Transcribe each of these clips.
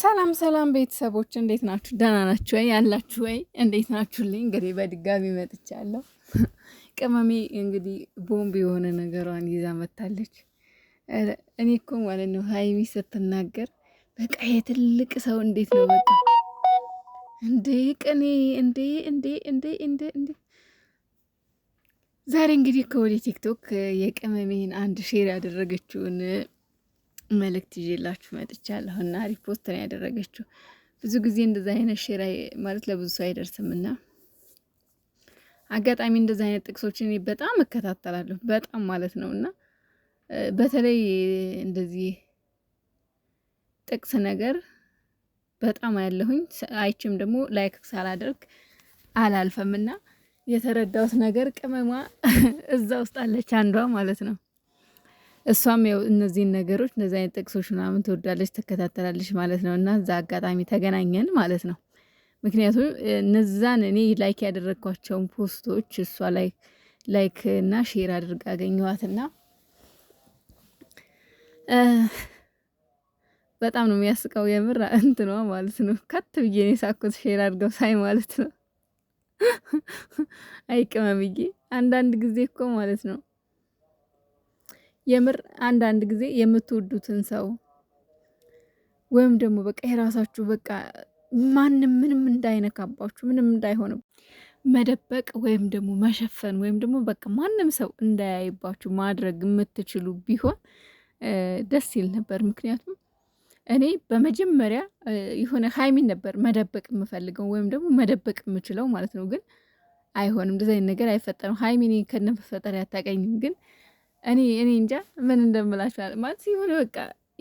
ሰላም ሰላም ቤተሰቦች እንዴት ናችሁ? ደህና ናችሁ ወይ? ያላችሁ ወይ? እንዴት ናችሁልኝ? እንግዲህ በድጋሚ መጥቻለሁ። ቅመሜ እንግዲህ ቦምብ የሆነ ነገሯን ይዛ መታለች። እኔ እኮ ማለት ነው ሀይሚ ስትናገር በቃ የትልቅ ሰው እንዴት ነው በቃ እንዴ ቅኔ እንዴ እንዴ እንዴ እንዴ እንዴ ዛሬ እንግዲህ ከወደ ቲክቶክ የቅመሜን አንድ ሼር ያደረገችውን መልእክት ይዤላችሁ መጥቻለሁ እና ሪፖስት ነው ያደረገችው። ብዙ ጊዜ እንደዛ አይነት ሼራ ማለት ለብዙ ሰው አይደርስም እና አጋጣሚ እንደዛ አይነት ጥቅሶች እኔ በጣም እከታተላለሁ በጣም ማለት ነው እና በተለይ እንደዚህ ጥቅስ ነገር በጣም ያለሁኝ አይችም ደግሞ ላይክ ሳላደርግ አላልፈምና የተረዳሁት ነገር ቅመሟ እዛ ውስጥ አለች አንዷ ማለት ነው እሷም ያው እነዚህን ነገሮች እነዚህ አይነት ጥቅሶች ምናምን ትወዳለች ትከታተላለች ማለት ነው። እና እዛ አጋጣሚ ተገናኘን ማለት ነው። ምክንያቱም እነዛን እኔ ላይክ ያደረግኳቸውን ፖስቶች እሷ ላይክ እና ሼር አድርግ አገኘዋትና በጣም ነው የሚያስቀው። የምር እንትኗ ማለት ነው ከት ብዬ ኔ ሳኮት ሼር አድርገው ሳይ ማለት ነው አይቅመም ብዬ አንዳንድ ጊዜ እኮ ማለት ነው የምር አንዳንድ ጊዜ የምትወዱትን ሰው ወይም ደግሞ በቃ የራሳችሁ በቃ ማንም ምንም እንዳይነካባችሁ ምንም እንዳይሆን መደበቅ ወይም ደግሞ መሸፈን ወይም ደግሞ በቃ ማንም ሰው እንዳያይባችሁ ማድረግ የምትችሉ ቢሆን ደስ ይል ነበር። ምክንያቱም እኔ በመጀመሪያ የሆነ ሀይሚን ነበር መደበቅ የምፈልገው ወይም ደግሞ መደበቅ የምችለው ማለት ነው። ግን አይሆንም፣ እንደዚ አይነት ነገር አይፈጠርም። ሀይሚን ከነፈጠር ያታቀኝም ግን እኔ እኔ እንጃ ምን እንደምላችሁ ማለት ሲሆን በቃ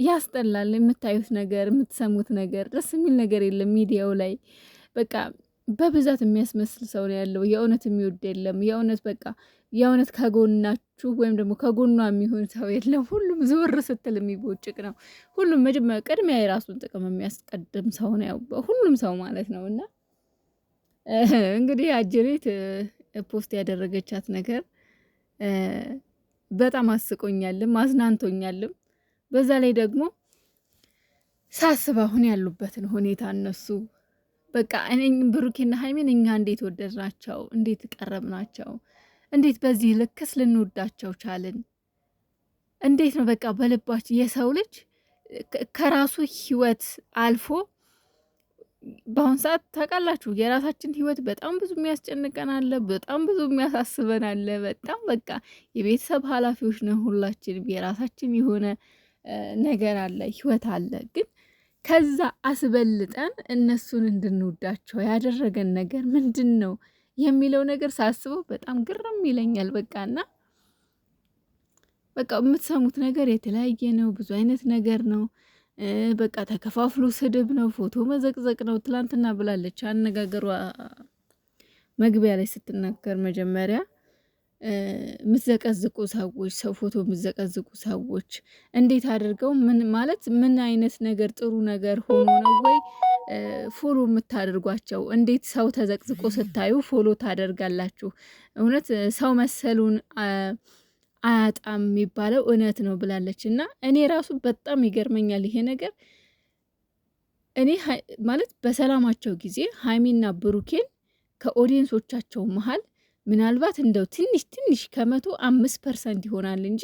ያስጠላል። የምታዩት ነገር፣ የምትሰሙት ነገር ደስ የሚል ነገር የለም። ሚዲያው ላይ በቃ በብዛት የሚያስመስል ሰው ነው ያለው። የእውነት የሚወድ የለም። የእውነት በቃ የእውነት ከጎናችሁ ወይም ደግሞ ከጎኗ የሚሆን ሰው የለም። ሁሉም ዞር ስትል የሚቦጭቅ ነው። ሁሉም መጀመሪያ ቅድሚያ የራሱን ጥቅም የሚያስቀድም ሰው ነው ሁሉም ሰው ማለት ነው። እና እንግዲህ አጅሬት ፖስት ያደረገቻት ነገር በጣም አስቆኛልም አዝናንቶኛልም። በዛ ላይ ደግሞ ሳስብ አሁን ያሉበትን ሁኔታ እነሱ በቃ ብሩኬና ሀይሜን እኛ እንዴት ወደድናቸው? እንዴት ቀረብናቸው? እንዴት በዚህ ልክስ ልንወዳቸው ቻልን? እንዴት ነው በቃ በልባችን የሰው ልጅ ከራሱ ህይወት አልፎ በአሁን ሰዓት ታውቃላችሁ የራሳችን ህይወት በጣም ብዙ የሚያስጨንቀን አለ፣ በጣም ብዙ የሚያሳስበን አለ። በጣም በቃ የቤተሰብ ኃላፊዎች ነን ሁላችንም። የራሳችን የሆነ ነገር አለ፣ ህይወት አለ። ግን ከዛ አስበልጠን እነሱን እንድንወዳቸው ያደረገን ነገር ምንድን ነው የሚለው ነገር ሳስበው በጣም ግርም ይለኛል። በቃና በቃ የምትሰሙት ነገር የተለያየ ነው፣ ብዙ አይነት ነገር ነው። በቃ ተከፋፍሎ ስድብ ነው፣ ፎቶ መዘቅዘቅ ነው። ትላንትና ብላለች አነጋገሯ መግቢያ ላይ ስትናገር መጀመሪያ የምትዘቀዝቁ ሰዎች ሰው ፎቶ የምትዘቀዝቁ ሰዎች እንዴት አድርገው ምን ማለት ምን አይነት ነገር ጥሩ ነገር ሆኖ ነው ወይ ፎሎ የምታደርጓቸው? እንዴት ሰው ተዘቅዝቆ ስታዩ ፎሎ ታደርጋላችሁ? እውነት ሰው መሰሉን አያጣም የሚባለው እውነት ነው ብላለች። እና እኔ ራሱ በጣም ይገርመኛል ይሄ ነገር። እኔ ማለት በሰላማቸው ጊዜ ሀይሚና ብሩኬን ከኦዲየንሶቻቸው መሀል ምናልባት እንደው ትንሽ ትንሽ ከመቶ አምስት ፐርሰንት ይሆናል እንጂ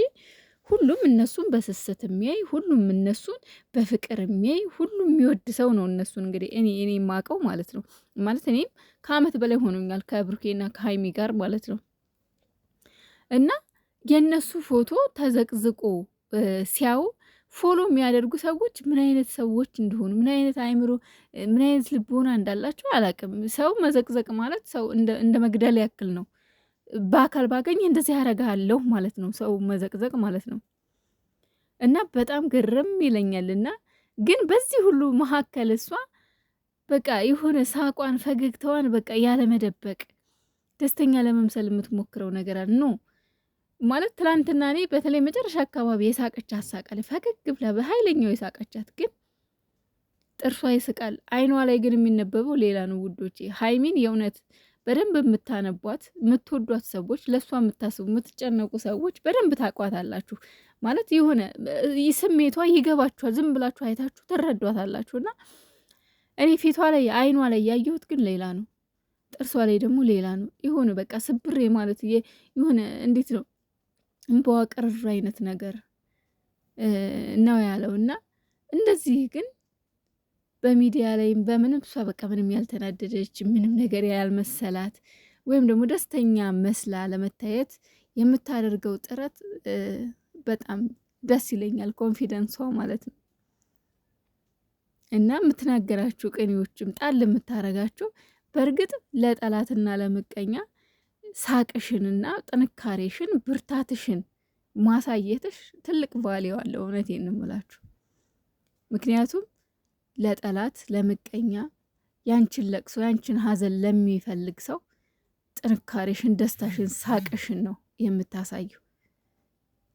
ሁሉም እነሱን በስስት የሚያይ ሁሉም እነሱን በፍቅር የሚያይ ሁሉም የሚወድ ሰው ነው። እነሱን እንግዲህ እኔ እኔ የማውቀው ማለት ነው ማለት እኔም ከአመት በላይ ሆኖኛል ከብሩኬና ከሀይሚ ጋር ማለት ነው እና የእነሱ ፎቶ ተዘቅዝቆ ሲያዩ ፎሎ የሚያደርጉ ሰዎች ምን አይነት ሰዎች እንደሆኑ ምን አይነት አይምሮ ምን አይነት ልቦና እንዳላቸው አላቅም። ሰው መዘቅዘቅ ማለት ሰው እንደ መግደል ያክል ነው። በአካል ባገኝ እንደዚህ ያደርግሃለሁ ማለት ነው፣ ሰው መዘቅዘቅ ማለት ነው። እና በጣም ግርም ይለኛል። እና ግን በዚህ ሁሉ መካከል እሷ በቃ የሆነ ሳቋን ፈገግታዋን በቃ ያለመደበቅ ደስተኛ ለመምሰል የምትሞክረው ነገር ነው። ማለት ትላንትና እኔ በተለይ መጨረሻ አካባቢ የሳቀቻት አሳቀል ፈገግ ብላ በኃይለኛው የሳቀቻት ግን ጥርሷ ይስቃል፣ አይኗ ላይ ግን የሚነበበው ሌላ ነው። ውዶቼ ሀይሚን የእውነት በደንብ የምታነቧት የምትወዷት ሰዎች ለእሷ የምታስቡ የምትጨነቁ ሰዎች በደንብ ታቋታላችሁ። ማለት የሆነ ስሜቷ ይገባችኋል። ዝም ብላችሁ አይታችሁ ትረዷታላችሁ። እና እኔ ፊቷ ላይ አይኗ ላይ ያየሁት ግን ሌላ ነው። ጥርሷ ላይ ደግሞ ሌላ ነው። የሆነ በቃ ስብሬ ማለት የሆነ እንዴት ነው በዋቅርር አይነት ነገር ነው ያለው እና እንደዚህ ግን በሚዲያ ላይም በምንም እሷ በቃ ምንም ያልተናደደች ምንም ነገር ያልመሰላት ወይም ደግሞ ደስተኛ መስላ ለመታየት የምታደርገው ጥረት በጣም ደስ ይለኛል። ኮንፊደንሷ ማለት ነው እና የምትናገራችሁ ቅኔዎችም ጣል የምታረጋችሁ በእርግጥ ለጠላትና ለምቀኛ ሳቅሽንና ጥንካሬሽን ብርታትሽን ማሳየትሽ ትልቅ ቫሌው አለው። እውነት እንምላችሁ። ምክንያቱም ለጠላት ለምቀኛ፣ ያንችን ለቅሶ ያንችን ሀዘን ለሚፈልግ ሰው ጥንካሬሽን፣ ደስታሽን፣ ሳቅሽን ነው የምታሳየው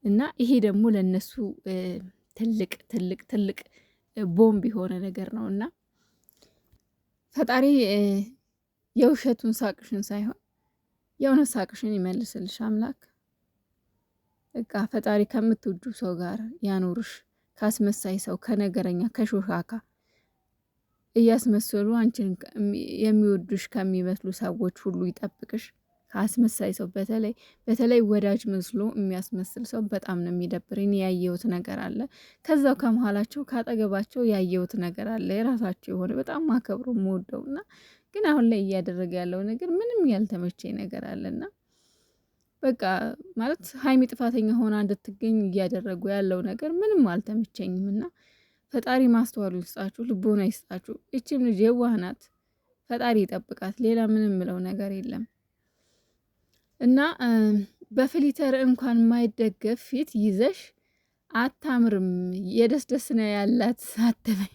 እና ይሄ ደግሞ ለእነሱ ትልቅ ትልቅ ትልቅ ቦምብ የሆነ ነገር ነው እና ፈጣሪ የውሸቱን ሳቅሽን ሳይሆን የሆነ ሳቅሽን ይመልስልሽ አምላክ። እቃ ፈጣሪ ከምትውጁ ሰው ጋር ያኖርሽ፣ ካስመሳይ ሰው፣ ከነገረኛ፣ ከሾሻካ እያስመሰሉ አንቺን የሚወዱሽ ከሚመስሉ ሰዎች ሁሉ ይጠብቅሽ። ከአስመሳይ ሰው በተለይ በተለይ ወዳጅ መስሎ የሚያስመስል ሰው በጣም ነው የሚደብረኝ። ያየሁት ነገር አለ፣ ከዛው ከመሀላቸው ካጠገባቸው ያየሁት ነገር አለ። የራሳቸው የሆነ በጣም ማከብሮ የምወደውና ግን አሁን ላይ እያደረገ ያለው ነገር ምንም ያልተመቸኝ ነገር አለና በቃ ማለት ሀይሚ ጥፋተኛ ሆና እንድትገኝ እያደረጉ ያለው ነገር ምንም አልተመቸኝም እና ፈጣሪ ማስተዋሉ ይስጣችሁ፣ ልቦና ይስጣችሁ። እችም ልጅ የዋህ ናት፣ ፈጣሪ ይጠብቃት። ሌላ ምንም ምለው ነገር የለም እና በፍሊተር እንኳን ማይደገፍ ፊት ይዘሽ አታምርም። የደስደስ ነው ያላት አትበይ።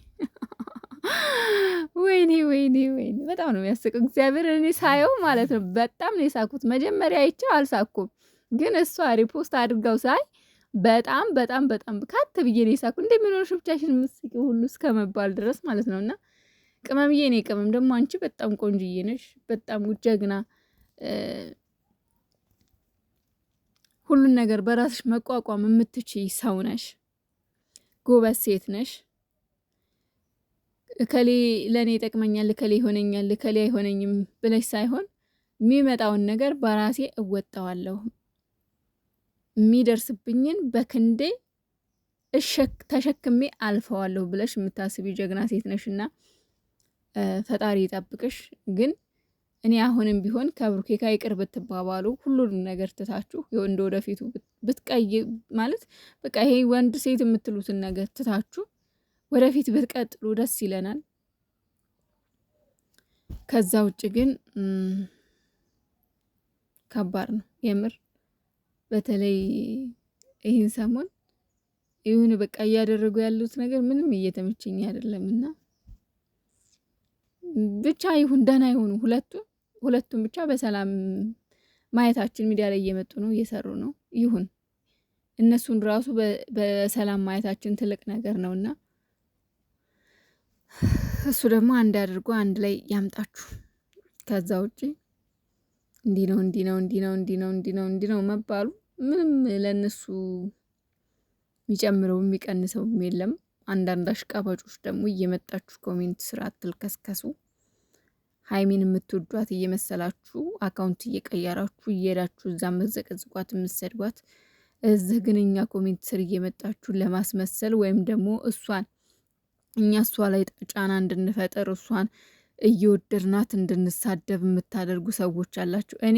ወይኔ ወይኔ ወይኔ በጣም ነው የሚያስቀው። እግዚአብሔር እኔ ሳየው ማለት ነው በጣም ነው የሳኩት። መጀመሪያ አይቼው አልሳኩም፣ ግን እሷ ሪፖስት አድርገው ሳይ በጣም በጣም በጣም ካት ብዬ ነው የሳኩት። እንደ ምን ሆነሽ ብቻሽን ምስቂ ሁሉ እስከመባል ድረስ ማለት ነውና ቅመምዬ፣ ነው ቅመም ደግሞ አንቺ በጣም ቆንጅዬ ነሽ፣ በጣም ጀግና ሁሉን ነገር በራስሽ መቋቋም የምትችይ ሰው ነሽ። ጎበዝ ሴት ነሽ። እከሌ ለእኔ ይጠቅመኛል፣ እከሌ ይሆነኛል፣ እከሌ አይሆነኝም ብለሽ ሳይሆን የሚመጣውን ነገር በራሴ እወጣዋለሁ፣ የሚደርስብኝን በክንዴ ተሸክሜ አልፈዋለሁ ብለሽ የምታስቢ ጀግና ሴት ነሽና ፈጣሪ ይጠብቅሽ። ግን እኔ አሁንም ቢሆን ከብሩኬ ጋር ይቅር ብትባባሉ ሁሉንም ነገር ትታችሁ እንደ ወደፊቱ ብትቀይ ማለት በቃ ይሄ ወንድ ሴት የምትሉትን ነገር ትታችሁ ወደፊት ብትቀጥሉ ደስ ይለናል። ከዛ ውጭ ግን ከባድ ነው የምር። በተለይ ይህን ሰሞን ይሁን በቃ እያደረጉ ያሉት ነገር ምንም እየተመቸኝ አይደለም እና ብቻ ይሁን ደህና ይሁኑ ሁለቱ ሁለቱም ብቻ በሰላም ማየታችን ሚዲያ ላይ እየመጡ ነው እየሰሩ ነው። ይሁን እነሱን ራሱ በሰላም ማየታችን ትልቅ ነገር ነው እና። እሱ ደግሞ አንድ አድርጎ አንድ ላይ ያምጣችሁ። ከዛ ውጪ እንዲህ ነው እንዲህ ነው እንዲህ ነው እንዲህ ነው እንዲህ ነው እንዲህ ነው መባሉ ምንም ለእነሱ የሚጨምረው የሚቀንሰውም የለም። አንዳንድ አሽቃባጮች ደግሞ እየመጣችሁ ኮሜንት ስራ አትልከስከሱ። ሀይሚን የምትወዷት እየመሰላችሁ አካውንት እየቀየራችሁ እየሄዳችሁ እዛ መዘቀዝቋት የምትሰድቧት እዚህ ግን እኛ ኮሜንት ስር እየመጣችሁ ለማስመሰል ወይም ደግሞ እሷን እኛ እሷ ላይ ጫና እንድንፈጥር እሷን እየወደድናት እንድንሳደብ የምታደርጉ ሰዎች አላችሁ። እኔ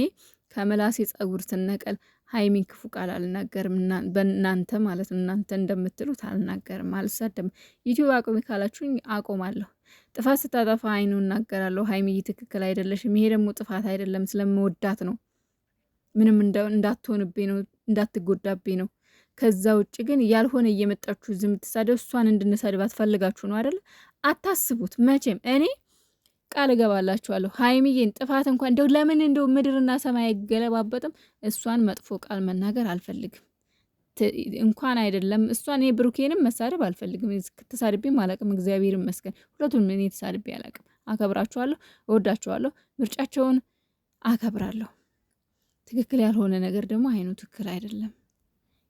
ከምላሴ ጸጉር ስነቀል ሀይሚን ክፉ ቃል አልናገርም። በእናንተ ማለት እናንተ እንደምትሉት አልናገርም፣ አልሳደብም። ዩቲዩብ አቁሚ ካላችሁኝ አቆማለሁ። ጥፋት ስታጠፋ አይኑ እናገራለሁ። ሀይሚዬ ትክክል አይደለሽም። ይሄ ደግሞ ጥፋት አይደለም፣ ስለምወዳት ነው። ምንም እንዳትሆንብኝ ነው፣ እንዳትጎዳብኝ ነው። ከዛ ውጭ ግን ያልሆነ እየመጣችሁ ዝም ትሳደብ እሷን እንድንሰድባት ፈልጋችሁ ነው አይደለ? አታስቡት መቼም። እኔ ቃል እገባላችኋለሁ ሀይሚዬን ጥፋት እንኳን እንደው ለምን እንደው ምድርና ሰማይ አይገለባበጥም። እሷን መጥፎ ቃል መናገር አልፈልግም እንኳን አይደለም እሷን እኔ ብሩኬንም መሳደብ አልፈልግም። ተሳድቤም አላቅም። እግዚአብሔር ይመስገን ሁለቱን እኔ ተሳድቤ አላቅም። አከብራችኋለሁ፣ እወዳችኋለሁ፣ ምርጫቸውን አከብራለሁ። ትክክል ያልሆነ ነገር ደግሞ አይኑ ትክክል አይደለም።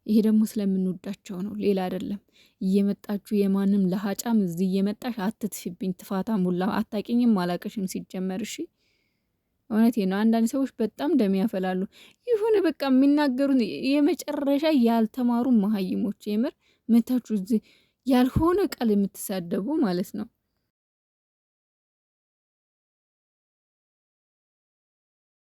ይሄ ደግሞ ስለምንወዳቸው ነው፣ ሌላ አይደለም። እየመጣችሁ የማንም ለሀጫም እዚህ እየመጣሽ አትትፊብኝ። ትፋታ ሙላ አታቂኝም፣ አላቅሽም ሲጀመር። እሺ እውነቴ ነው። አንዳንድ ሰዎች በጣም ደም ያፈላሉ። ይሁን በቃ የሚናገሩት የመጨረሻ ያልተማሩ መሀይሞች፣ የምር መታችሁ እዚህ ያልሆነ ቃል የምትሳደቡ ማለት ነው።